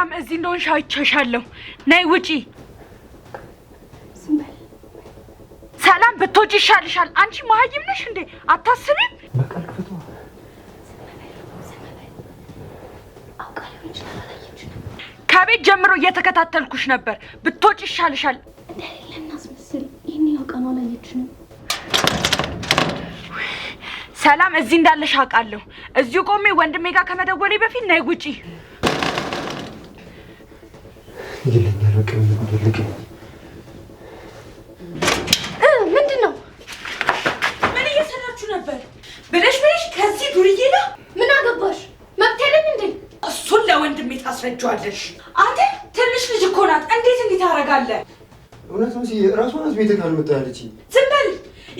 ሰላም እዚህ እንደሆንሽ አይቼሻለሁ። ነይ ውጪ። ሰላም ብትወጪ ይሻልሻል። አንቺ መሀይም ነሽ እንዴ? አታስብም? ከቤት ጀምሮ እየተከታተልኩሽ ነበር። ብትወጪ ይሻልሻል። ሰላም እዚህ እንዳለሽ አውቃለሁ። እዚሁ ቆሜ ወንድሜ ጋር ከመደወሌ በፊት ነይ ውጪ። ይልኛል። በቃ ምንድን ነው? ምን እየሰራችሁ ነበር? ብለሽ ብለሽ ከዚህ ዱርዬ ጋር ምን አገባሽ? መብት የለም እንዴ? እሱን ለወንድሜ ታስረጅዋለሽ። አንተ ትንሽ ልጅ እኮ ናት። እንዴት እንዲህ ታደርጋለህ? እውነት ነው። እራሷ ናት ቤት ካልመጣ ያለችኝ። ዝም በል።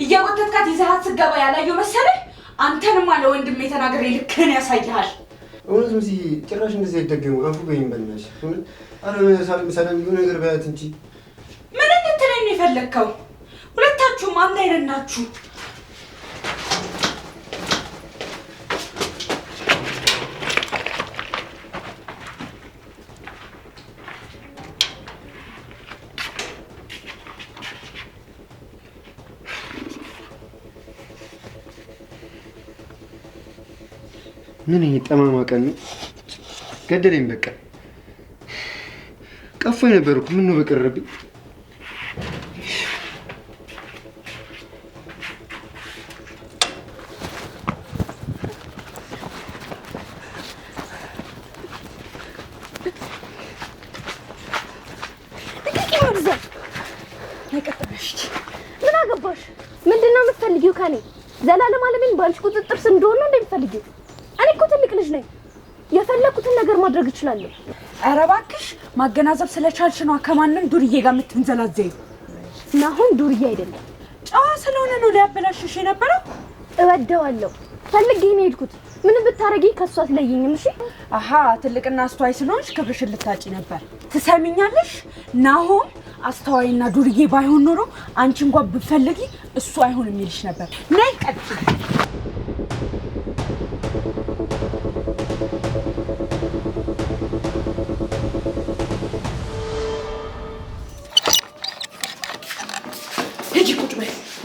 እያቆተትካት ይዘሃት ስገባ ያላየው መሰለህ? አንተንማ ለወንድሜ ተናግሬ ልክህን ያሳይሃል። እውነት መሲ ጭራሽ እንደዚህ አይደገሙ። አንፉ በይኝ በእናትሽ። ሰላም ይሁን ነገር በያት እንጂ ምን እንትን የፈለግከው? ሁለታችሁም አንድ አይነት ናችሁ። ምን ይሄ ጠማማ ቀን ነው። ገደለኝ። በቃ ቀፎኝ ነበር እኮ ምን ነው በቀረብኝ። ምን አገባሽ? ምንድን ነው የምትፈልጊው ከኔ? ዘላለም አለምን በአንቺ ቁጥጥር ስር እንደሆነ እንደምትፈልጊው ልጅ ነኝ። የፈለኩትን ነገር ማድረግ እችላለሁ። ኧረ እባክሽ ማገናዘብ ስለቻልሽ ነው ከማንም ዱርዬ ጋር የምትንዘላዘዩ። ናሁን ዱርዬ አይደለም፣ ጨዋ ስለሆነ ነው ሊያበላሽሽ የነበረው። እወደዋለሁ፣ ፈልጌ ነው የሄድኩት። ምንም ብታረጊ ከሷ አትለይኝም። እሺ። አሀ ትልቅና አስተዋይ ስለሆንሽ ክብርሽን ልታጪ ነበር። ትሰሚኛለሽ? ናሆም አስተዋይና ዱርዬ ባይሆን ኖሮ አንቺ እንኳን ብፈልጊ እሱ አይሆንም ይልሽ ነበር። ነይ ቀጥ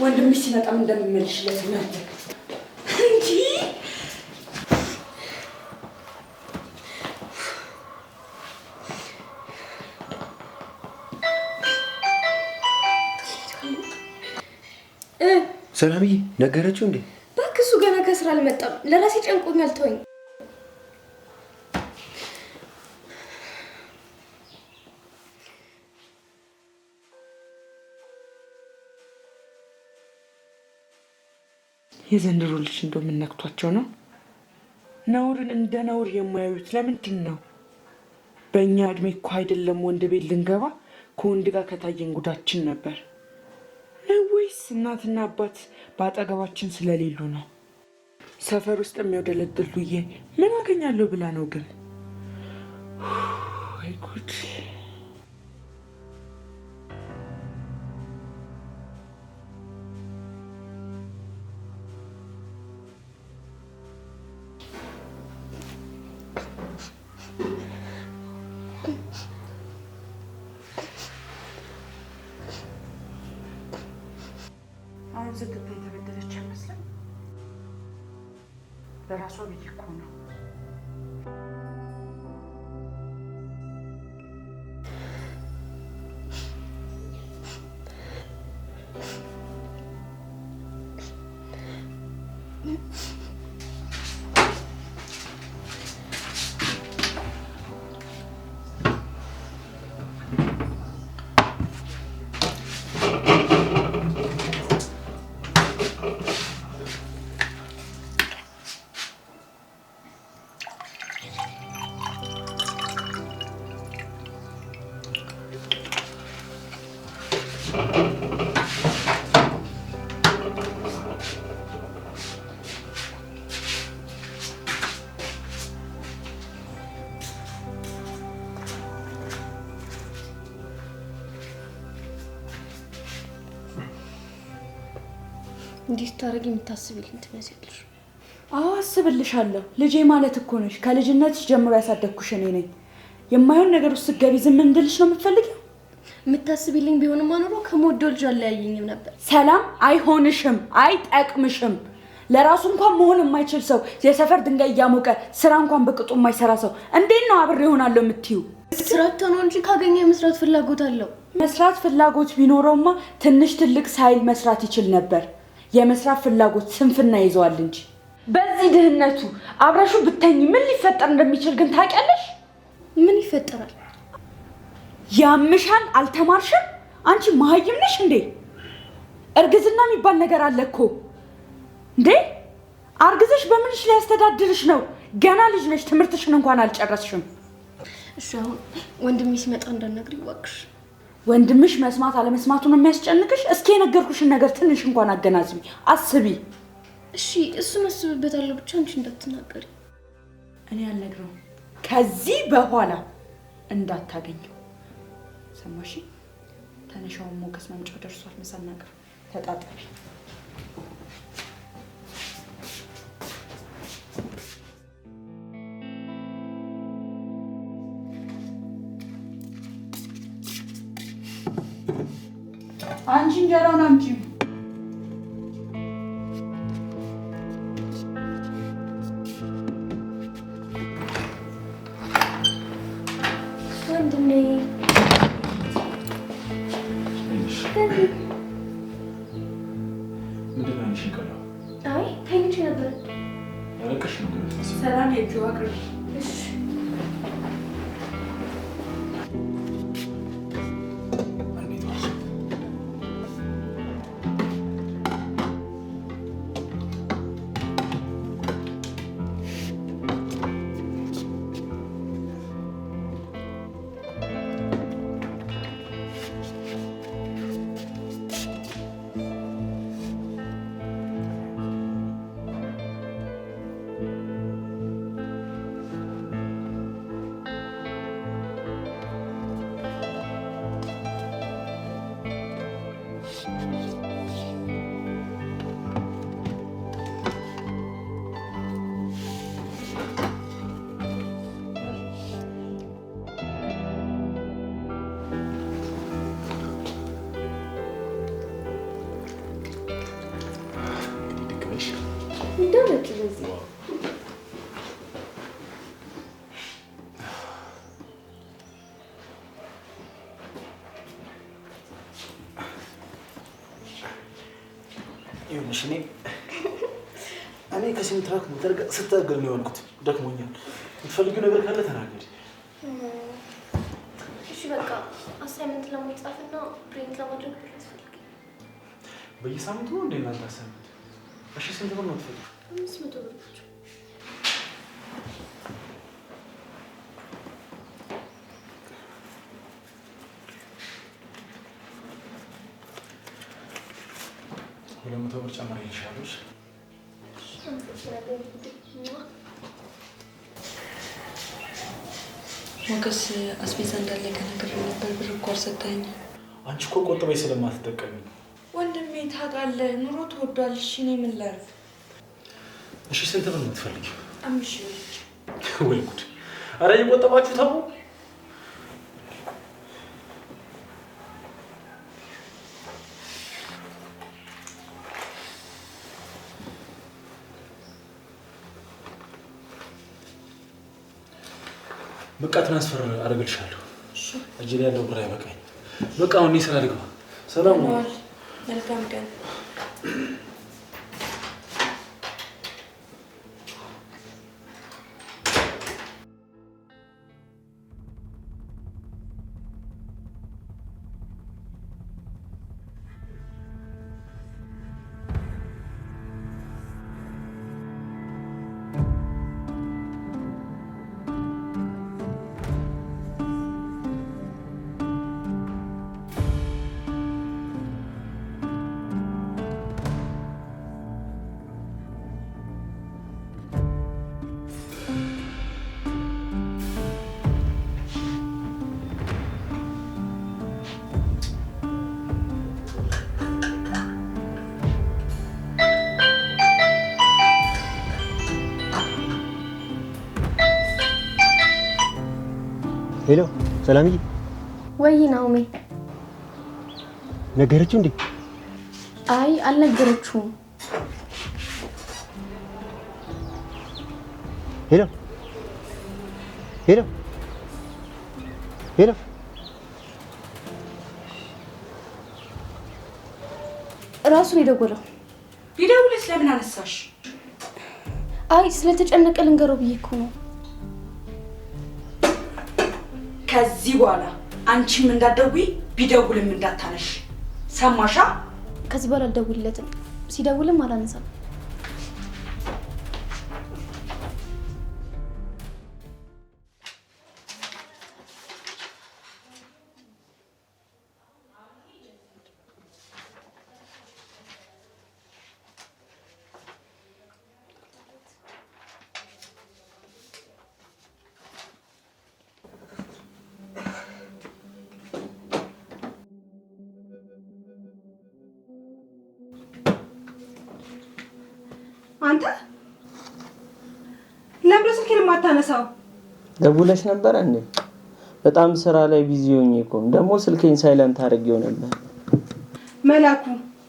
ወንድምሽ ሲመጣም እንደምመልሽ ናት እንጂ ሰላምዬ ነገረችው እንዴ? እባክህ እሱ ገና ከስራ አልመጣም። ለራሴ ጨንቆኛል፣ ተወኝ። የዘንድሮ ልጅ እንደው የምነክቷቸው ነው። ነውርን እንደ ነውር የማያዩት ለምንድን ነው? በእኛ እድሜ እኮ አይደለም ወንድ ቤት ልንገባ ከወንድ ጋር ከታየን ጉዳችን ነበር። ወይስ እናትና አባት በአጠገባችን ስለሌሉ ነው? ሰፈር ውስጥ የሚያውደለድል ምን አገኛለሁ ብላ ነው ግን ልታደርግ የምታስብልኝ ትመስያለሽ? አዎ አስብልሻለሁ። ልጄ ማለት እኮ ነሽ። ከልጅነትሽ ጀምሮ ያሳደግኩሽ እኔ ነኝ። የማይሆን ነገር ውስጥ ስትገቢ ዝም እንድልሽ ነው የምትፈልጊው? የምታስብልኝ ቢሆንም ኖሮ ከምወደው ልጅ አለያየኝም ነበር። ሰላም አይሆንሽም፣ አይጠቅምሽም። ለራሱ እንኳን መሆን የማይችል ሰው፣ የሰፈር ድንጋይ እያሞቀ ስራ እንኳን በቅጡ የማይሰራ ሰው እንዴት ነው አብሬ እሆናለሁ የምትዩ? ስራት ነው እንጂ ካገኘ የመስራት ፍላጎት አለው። መስራት ፍላጎት ቢኖረውማ ትንሽ ትልቅ ሳይል መስራት ይችል ነበር። የመስራት ፍላጎት ስንፍና ይዘዋል እንጂ በዚህ ድህነቱ አብረሹ ብተኝ ምን ሊፈጠር እንደሚችል ግን ታውቂያለሽ? ምን ይፈጠራል? ያምሻል። አልተማርሽም? አንቺ መሀይም ነሽ እንዴ? እርግዝና የሚባል ነገር አለ እኮ እንዴ! አርግዘሽ በምንሽ ሊያስተዳድርሽ ነው? ገና ልጅ ነሽ። ትምህርትሽን እንኳን አልጨረስሽም። እሺ፣ አሁን ወንድሜ ሲመጣ እንዳናግር ይዋክሽ ወንድምሽ መስማት አለመስማቱን የሚያስጨንቅሽ፣ እስኪ የነገርኩሽን ነገር ትንሽ እንኳን አገናዝቢ፣ አስቢ። እሺ እሱን አስብበታለሁ፣ ብቻ አንቺ እንዳትናገሪ። እኔ ያልነግረው ከዚህ በኋላ እንዳታገኘው ሰማሽ? ተነሻውን ሞገስ መምጫው ደርሷል። መሳናገር ተጣጣፊ Ancim gel anamcim. Gördüm neyi. Neymiş? Ne demek şey kara? Ay, hangi çadır? Yarakış mı diyorsun? Selam yetiyor, akır. እንደዚህ ይሁንሽ። እኔ እኔ ከሲሚትራክ ስታገል ነው የሆንኩት። ደክሞኛል። የምትፈልጊው ነገር ካለ ተናገሪ። እሺ በቃ አሳይመንት ለመጻፍና ፕሪንት ለማድረግ ብር ያስፈልጋል። በየሳምንቱ ነው እንደ እናንተ አሳይመንት? እሺ ስንት ብር ነው የምትፈልጊው? አምስት መቶ ብር ናቸው። ሁለት መቶ ብር ጨምሬ ይሻለሽ። ሞገስ አስቤዛ እንዳለ ከነገር ነበር። ብር እኮ አልሰጠኝ። አንቺ እኮ ቆጥበሽ ስለማትጠቀሚ ወንድሜ ታውቃለህ። ኑሮ ተወዷል። እሺ እኔ ምን ላድርግ? እሺ ስንት ብር ነው የምትፈልጊው? አምስት ወይ ጉድ! አረ እየቆጠባችሁ ተው። በቃ ትራንስፈር አደርግልሻለሁ። እጅ ላይ ያለው ብር አይበቃኝ። በቃ አሁን እኔ ስራ ልግባ። ሰላም ነው። መልካም ቀን ሰላምዬ ወይ ናውሜ ነገረችው እንዴ? አይ አልነገረችውም። ሄሎ ሄሎ ሄሎ እራሱ ነው የደወለው። ቢደውልስ ለምን አነሳሽ? አይ ስለተጨነቀ ልንገረው ብዬ እኮ ነው። ከዚህ በኋላ አንቺም እንዳደጉ ቢደውልም እንዳታነሽ። ሰማሻ? ከዚህ በኋላ አልደውልለትም። ሲደውልም አላነሳም። አንተ ለምን ስልኬን የማታነሳው? ደውለሽ ነበረ እንዴ? በጣም ስራ ላይ ቢዚ ሆኜ እኮ ደግሞ ስልኬን ሳይለንት አድርጌው ነበር። መላኩ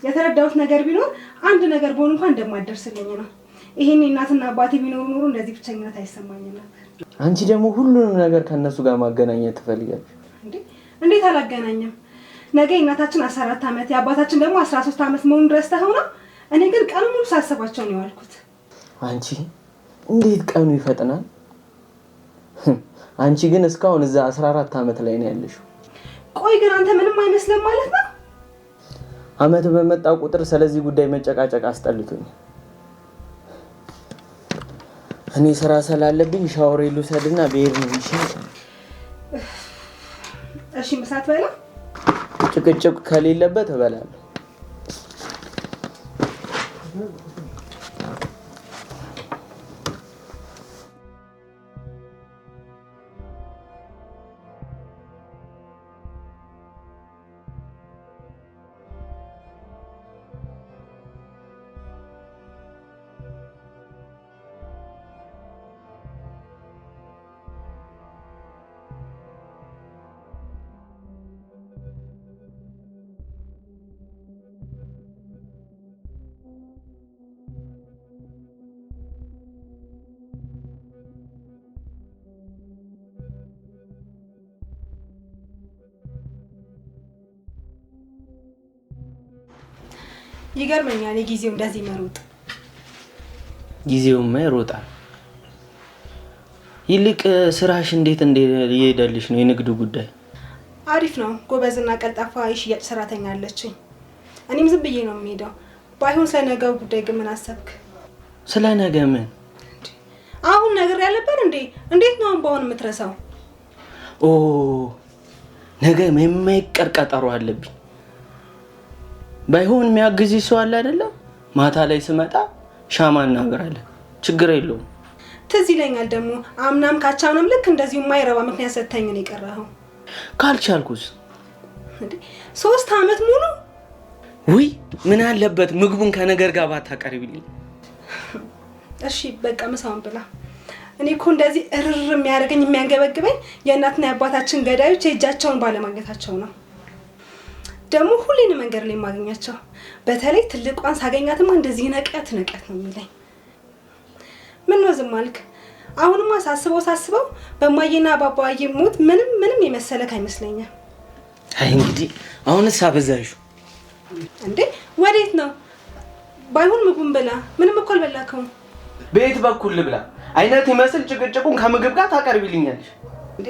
የተረዳሁት ነገር ቢኖር አንድ ነገር በሆኑ እንኳን እንደማደርስልኝ ነው። ይሄን እናትና አባቴ ቢኖሩ ኖሩ እንደዚህ ብቸኝነት አይሰማኝም ነበር። አንቺ ደግሞ ሁሉንም ነገር ከእነሱ ጋር ማገናኘት ትፈልጋለሽ እንዴ? እንዴት አላገናኘም? ነገ የእናታችን አስራ አራት ዓመት የአባታችን ደግሞ አስራ ሶስት ዓመት መሆኑን ድረስ ተሆነ እኔ ግን ቀኑ ሙሉ ሳሰባቸው ነው የዋልኩት። አንቺ እንዴት ቀኑ ይፈጥናል። አንቺ ግን እስካሁን እዛ 14 አራት ዓመት ላይ ነው ያለሽው። ቆይ ግን አንተ ምንም አይመስልም ማለት ነው? ዓመት በመጣ ቁጥር ስለዚህ ጉዳይ መጨቃጨቅ አስጠልቶኝ እኔ ስራ ስላለብኝ ሻወር ልውሰድና ብሄድ ነው ይሻላል። እሺ ምሳት በላ ጭቅጭቅ ከሌለበት እበላለሁ። Mm-hmm. ይገርመኛል። የጊዜው እንደዚህ መሮጥ ጊዜውማ ይሮጣል። ይልቅ ስራሽ እንዴት እየሄደልሽ ነው? የንግዱ ጉዳይ አሪፍ ነው። ጎበዝና ቀልጣፋ የሽያጭ ሰራተኛ አለችኝ። እኔም ዝም ብዬ ነው የምሄደው። ባይሆን ስለ ነገው ጉዳይ ግን ምን አሰብክ? ስለ ነገ ምን? አሁን ነገር ያለበት እንዴ? እንዴት ነው በአሁን የምትረሳው? ኦ ነገ የማይቀር ቀጠሮ አለብኝ ባይሆን የሚያግዝ ሰው አለ አይደለም። ማታ ላይ ስመጣ ሻማ እናበራለን። ችግር የለውም። ትዝ ይለኛል ደግሞ አምናም ካቻውንም ልክ እንደዚሁ የማይረባ ምክንያት ሰጥተኝ ነው የቀረኸው። ካልቻልኩስ? ሶስት አመት ሙሉ ውይ፣ ምን አለበት ምግቡን ከነገር ጋር ባታቀርብልኝ። እሺ በቃ ምሳውን ብላ። እኔ እኮ እንደዚህ እርር የሚያደርገኝ የሚያንገበግበኝ የእናትና የአባታችን ገዳዮች የእጃቸውን ባለማግኘታቸው ነው። ደግሞ ሁሌን መንገድ ላይ የማገኛቸው በተለይ ትልቋን ሳገኛትማ እንደዚህ ነቀት ነቀት ነው የሚለኝ። ምን ነው ዝም አልክ? አሁንማ ሳስበው ሳስበው በማየና ባባዬ ሞት ምንም ምንም የመሰለክ አይመስለኝም አይ እንግዲህ አሁንስ አበዛሹ እንዴ! ወዴት ነው? ባይሆን ምግቡን ብላ። ምንም እኮ አልበላከውም። በየት በኩል ልብላ? አይነት ይመስል ጭቅጭቁን ከምግብ ጋር ታቀርቢልኛለሽ።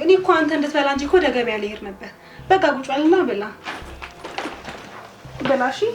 እኔ እኮ አንተ እንድትበላ እንጂ እኮ ወደ ገበያ ልሄድ ነበር። በቃ ጉጫልና ብላ Ganashi.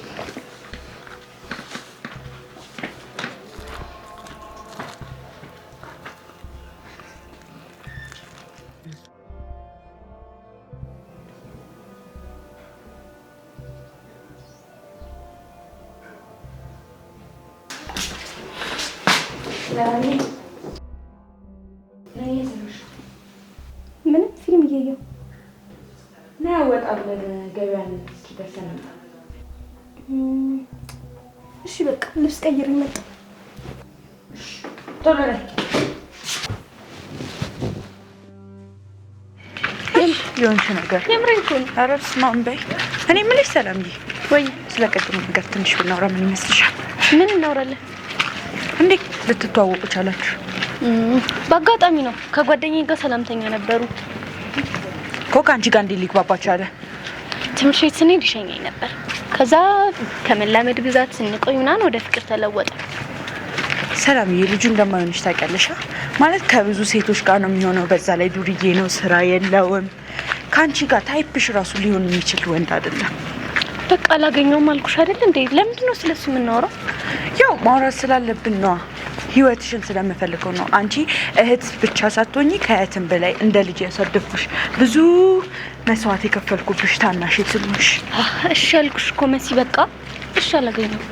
ኧረ በስመ አብ በይ። እኔ የምልሽ ሰላምዬ፣ ወይ ስለ ነገር ትንሽ ብናወራ ምን ይመስልሻል? ምን እናወራለን እንዴት ልትተዋወቁ ቻላችሁ? በአጋጣሚ ነው። ከጓደኛዬ ጋር ሰላምተኛ ነበሩ እኮ። ከአንቺ ጋር እንዴት ሊግባባ ቻለ? ትምህርት ቤት ስንሄድ ይሸኘኝ ነበር። ከዛ ከመላመድ ብዛት ስንቆይ ምናምን ወደ ፍቅር ተለወጠ። ሰላምዬ፣ ልጁ እንደማይሆንሽ ታውቂያለሽ። ማለት ከብዙ ሴቶች ጋር ነው የሚሆነው። በዛ ላይ ዱርዬ ነው፣ ስራ የለውም ከአንቺ ጋር ታይፕሽ ራሱ ሊሆን የሚችል ወንድ አይደለም። በቃ አላገኘውም አልኩሽ አይደል እንዴ? ለምንድን ነው ስለሱ የምናወራው? ያው ማውራት ስላለብን ነዋ። ህይወትሽን ስለምፈልገው ነው። አንቺ እህት ብቻ ሳትሆኚ ከእህትም በላይ እንደ ልጅ ያሳደግኩሽ ብዙ መስዋዕት የከፈልኩብሽ ታናሽ ትሉሽ። እሺ አልኩሽ እኮ መሲ፣ በቃ እሺ አላገኘውም።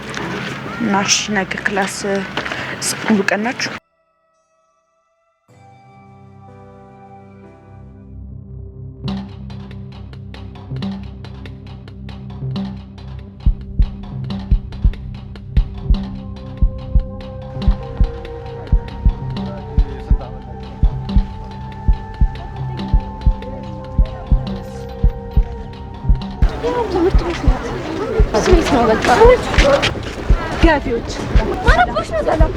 ናሽ ነገ ክላስ ሁሉ ቀን ናችሁ? በቃ ገፊዎች ነው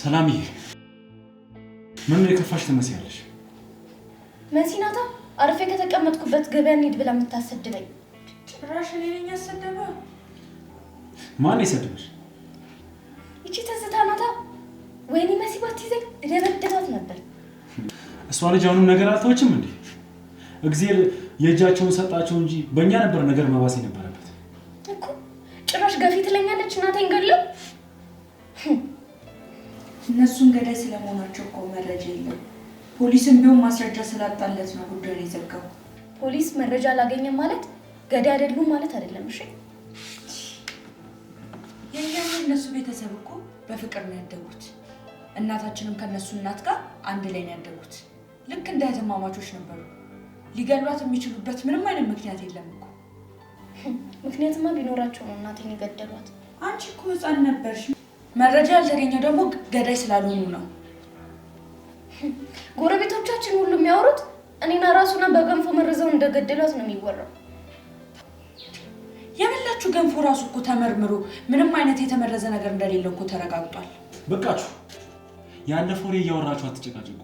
ሰላምዬ፣ ምን የከፋሽ ትመስያለሽ? መሲናታ አርፌ ከተቀመጥኩበት ገበያ እንሂድ ብላ የምታሰድበኝ ጭራሽ እኔ ነኝ ያሰደበ። ማን የሰደበሽ? ይቺ ትዝታ ናታ። ወይኔ መሲ ባትይዘኝ እደበድባት ነበር። እሷ ልጅ አሁንም ነገር አልተወችም እንዴ? እግዜር የእጃቸውን ሰጣቸው እንጂ በእኛ ነበር ነገር መባስ ነበር ፖሊስም ቢሆን ማስረጃ ስላጣለት ነው ጉዳዩን የዘጋው። ፖሊስ መረጃ አላገኘም ማለት ገዳይ አይደሉም ማለት አይደለም። እሺ የኛም እነሱ ቤተሰብ እኮ በፍቅር ነው ያደጉት። እናታችንም ከነሱ እናት ጋር አንድ ላይ ነው ያደጉት። ልክ እንደ ተማማቾች ነበሩ። ሊገሏት የሚችሉበት ምንም አይነት ምክንያት የለም እኮ። ምክንያትማ ቢኖራቸው ነው እናቴን የገደሏት። አንቺ እኮ ህፃን ነበርሽ። መረጃ ያልተገኘው ደግሞ ገዳይ ስላልሆኑ ነው። ጎረቤቶቻችን ሁሉ የሚያወሩት እኔና ራሱና በገንፎ መርዘው እንደገደሏት ነው የሚወራው። የምላችሁ ገንፎ ራሱ እኮ ተመርምሮ ምንም አይነት የተመረዘ ነገር እንደሌለው እኮ ተረጋግጧል። በቃችሁ። ያለፈ ወሬ እያወራችሁ አትጨቃጭቁ።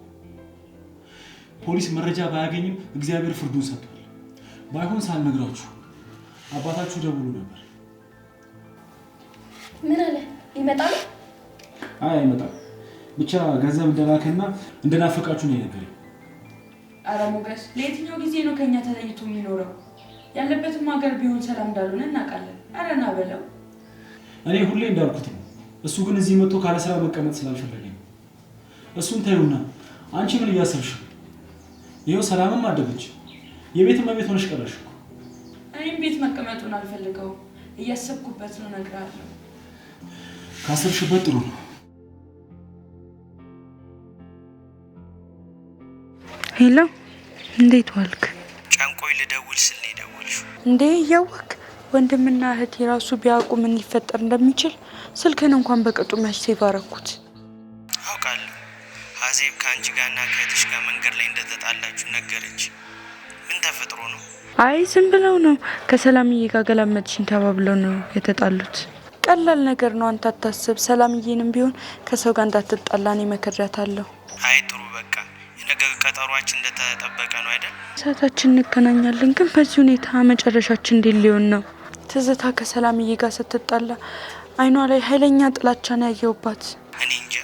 ፖሊስ መረጃ ባያገኝም እግዚአብሔር ፍርዱን ሰጥቷል። ባይሆን ሳልነግራችሁ አባታችሁ ደውሉ ነበር። ምን አለ? ይመጣል? አይ አይመጣም። ብቻ ገንዘብ እንደላከና እንደናፈቃችሁ ነው የነገረኝ። አረ ሞገስ፣ ለየትኛው ጊዜ ነው ከኛ ተለይቶ የሚኖረው? ያለበትም ሀገር ቢሆን ሰላም እንዳልሆነ እናውቃለን። አረ ና በለው። እኔ ሁሌ እንዳልኩት ነው። እሱ ግን እዚህ መጥቶ ካለ ስራ መቀመጥ ስላልፈለገ ነው። እሱን ታዩና፣ አንቺ ምን እያሰብሽ ይኸው ሰላምም አደገች፣ የቤት ቤት ሆነሽ ቀረሽ። እኔም ቤት መቀመጡን አልፈልገውም። እያሰብኩበት ነው። እነግርሃለሁ። ካሰብሽበት ጥሩ ነው። ሄሎ፣ እንዴት ዋልክ? ጨንቆይ ልደውል ስል ነው የደወልሽው። እንዴ እያወክ ወንድምና እህት የራሱ ቢያውቁ ምን ሊፈጠር እንደሚችል ስልክን እንኳን በቅጡ መች ይባረኩት አረኩት። አውቃለሁ ሀዜብ ከአንቺ ጋርና ከእህትሽ ጋር መንገድ ላይ እንደተጣላችሁ ነገረች። ምን ተፈጥሮ ነው? አይ ዝም ብለው ነው። ከሰላምዬ ጋር ገላመጥሽኝ ተባብለው ነው የተጣሉት። ቀላል ነገር ነው፣ አንተ አታስብ። ሰላምዬንም ቢሆን ከሰው ጋር እንዳትጣላ እኔ መክሬያታለሁ። አይ ጥሩ በቃ ነገ ቀጠሯችን እንደተጠበቀ ነው አይደል? ሰዓታችን እንገናኛለን። ግን በዚህ ሁኔታ መጨረሻችን እንዴት ሊሆን ነው? ትዝታ ከሰላምዬ ጋር ስትጣላ አይኗ ላይ ኃይለኛ ጥላቻን ያየውባት። እኔ እንጃ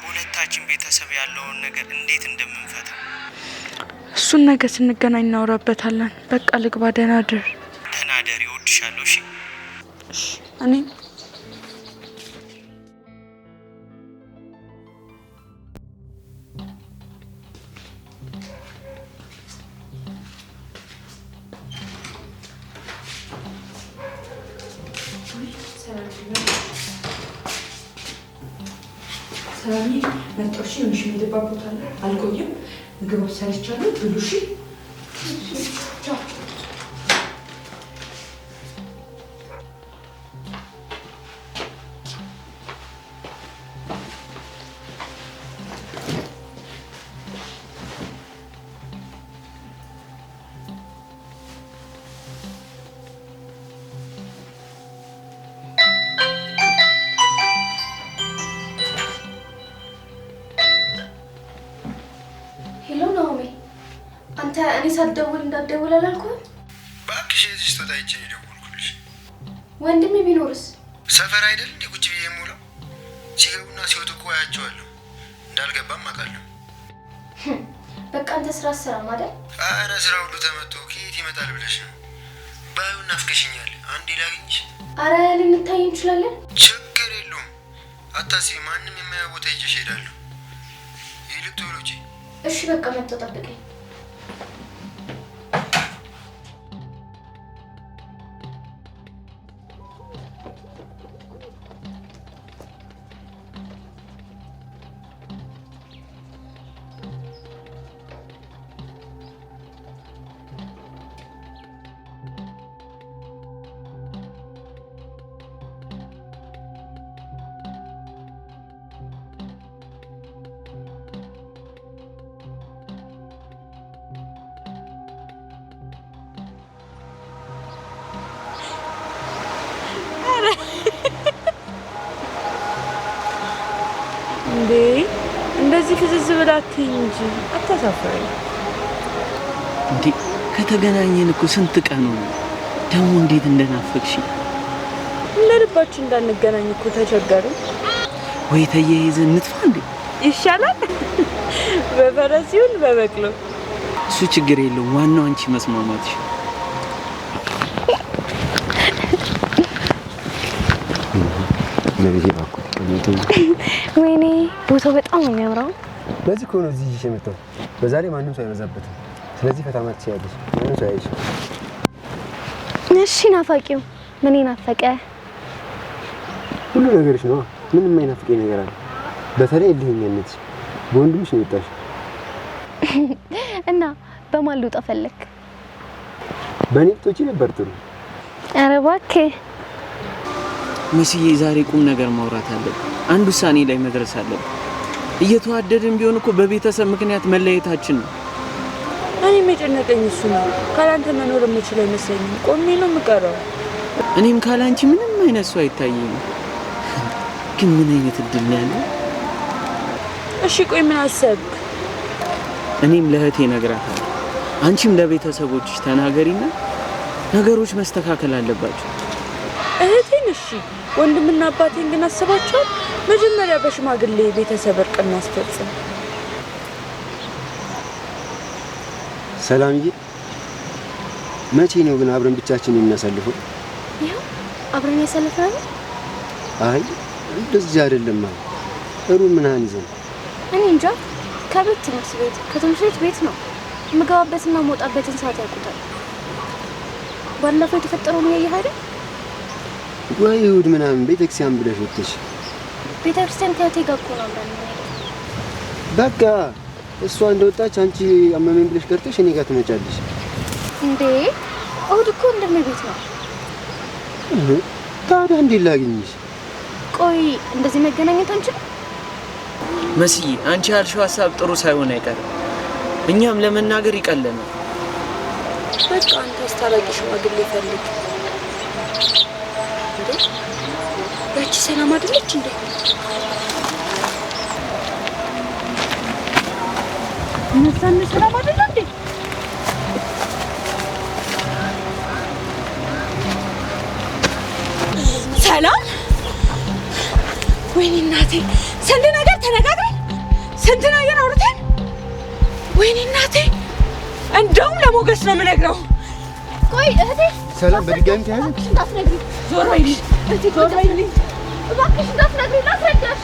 በሁለታችን ቤተሰብ ያለውን ነገር እንዴት እንደምንፈታ እሱን ነገ ስንገናኝ እናውራበታለን። በቃ ልግባ። ደህና ደናደር፣ ይወድሻለሁ። እሺ እኔ ሰላም ነጥሮሽ ምሽ የሚደባቡታል አልቆየም ምግብ አብሳሪቻለሁ ብሉሽ ሳትደውል እንዳትደውል አላልኩህም? እባክሽ እዚህ ስጦታ አይቼ ነው የደወልኩልሽ። ወንድሜ ቢኖርስ? ሰፈር አይደል እንዴ ቁጭ ብዬ የምውለው? ሲገቡና ሲወጡ እኮ አያቸዋለሁ። እንዳልገባም አውቃለሁ። በቃ አንተ ስራ ስራ ማለት አረ፣ ስራ ሁሉ ተመቶ ከየት ይመጣል ብለሽ ነው? ባዩ ናፍቀሽኛል። አንዴ ላግኝሽ። አረ፣ ልንታይ እንችላለን። ችግር የለውም አታስቢ። ማንም የማያው ቦታ ይዤሽ እሄዳለሁ። ይልቅ ቶሎ እጂ። እሺ፣ በቃ መጥቶ ጠብቀኝ። እንደዚህ ፍዝዝ እንጂ አታሳፍረኝ። እንዴ ከተገናኘን እኮ ስንት ቀን ነው ደግሞ። እንዴት እንደናፈቅሽ እንደ ልባችን እንዳንገናኝ እኮ ተቸገርን። ወይ ተያይዘን ንጥፋ እንዴ ይሻላል። በፈረስ ይሁን በበቅሎ እሱ ችግር የለውም። ዋናው አንቺ መስማማትሽ ወይኔ ቦታው በጣም ነው የሚያምረው። ለዚህ ከሆነ እዚህ ይዤ የመጣሁ በዛሬ ማንም ሰው አይበዛበትም። ስለዚህ ፈታማት ሲያለሽ ማንም ሰው አይሽ። እሺ ናፋቂው ምን ይናፈቀ? ሁሉ ነገርሽ ነው። ምንም የማይናፍቀኝ ነገር አለ? በተለይ እልህኛነት በወንድምሽ ነው የወጣሽ እና በማን ልውጣ ፈለክ? በእኔ ብቶች ነበር ጥሩ። ኧረ እባክህ ሚስዬ፣ ዛሬ ቁም ነገር ማውራት አለብን። አንድ ውሳኔ ላይ መድረስ አለብን። እየተዋደድን ቢሆን እኮ በቤተሰብ ምክንያት መለየታችን ነው። እኔም የጨነቀኝ እሱ ነው። ካላንተ መኖር የምችል አይመስለኝም። ቆሜ ነው የምቀረው። እኔም ካላንቺ ምንም አይነት ሰው አይታየኝም። ግን ምን አይነት እድል ነው ያለው? እሺ ቆይ ምን አሰብክ? እኔም ለእህቴ እነግራታለሁ። አንቺም ለቤተሰቦችሽ ተናገሪና ነገሮች መስተካከል አለባቸው። እህቴን እሺ፣ ወንድምና አባቴን ግን አስባቸዋል መጀመሪያ በሽማግሌ ቤተሰብ እርቅ እናስፈጽም። ሰላምዬ፣ መቼ ነው ግን አብረን ብቻችን የሚያሳልፈው ይኸው አብረን ያሳልፈናል። አይ እንደዚህ አይደለም ማለት ጥሩ ምን አን እኔ እንጃ። ከቤት ትምህርት ቤት ከትምህርት ቤት ቤት ነው የምገባበትና የምወጣበትን ሰዓት ያውቁታል። ባለፈው ነው ያየህ አይደል? ወይ እሑድ ምናምን ቤተክርስቲያን ብለሽ ወጥተሽ ቤተክርስቲያን ከእህቴ ጋር እኮ ነው በቃ እሷ እንደወጣች አንቺ አመመኝ ብለሽ ቀርተሽ እኔ ጋር ትመጫለሽ እንዴ? እሑድ እኮ ወንድሜ ቤት ነው። ታዲያ እንዴት ላግኝሽ? ቆይ እንደዚህ መገናኘት አንችልም? መስዬ አንቺ ያልሽው ሀሳብ ጥሩ ሳይሆን አይቀርም። እኛም ለመናገር ይቀለን። በቃ አንተ አስታራቂ ሽማግሌ ፈልግ እንዴ ያቺ ሰላም አይደለች እንዴ? እነዛን ሰላም አይደለ እንዴ? ሰላም ወይኔ እናቴ፣ ስንት ነገር ተነጋግረን ስንት ነገር አውርተን፣ ወይኔ እናቴ፣ እንደውም ለሞገስ ነው የምነግረው። ቆይ እህቴ ሰላም በድጋሚ ተያዘች ዞር በይልኝ እህቴ፣ ዞር በይልኝ። እባክሽ እንዳትነግሪኝ ላስረዳሽ።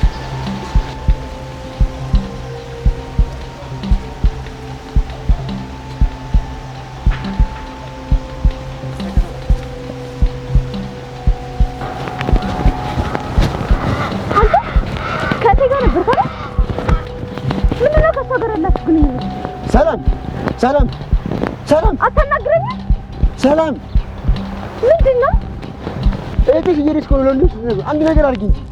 ሰላም ሰላም ሰላም፣ አታናግረኝም? ሰላም ምንድን ነው? ఏపీకి చేర్చుకోవాలి అందినగర్ అడిగించి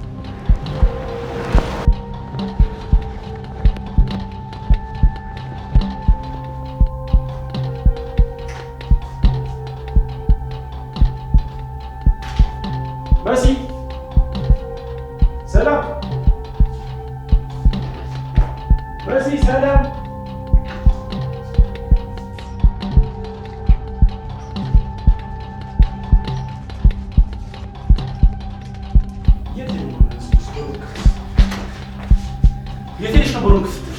የትንሽ ነው ብሎ ክስትሽ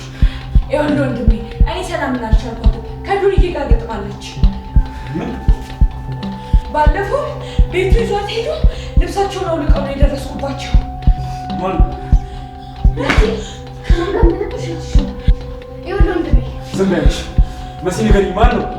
ይሁን ወንድሜ፣ እኔ ሰላም አልቻልኳትም። ከዱርዬ ጋር ገጥማለች። ባለፈው ቤቱ ይዟት ሄዶ ልብሳቸውን አውልቀው ነው የደረስኩባቸው። ዝም በያለሽ መሲ ንገሪኝ፣ ማን ነው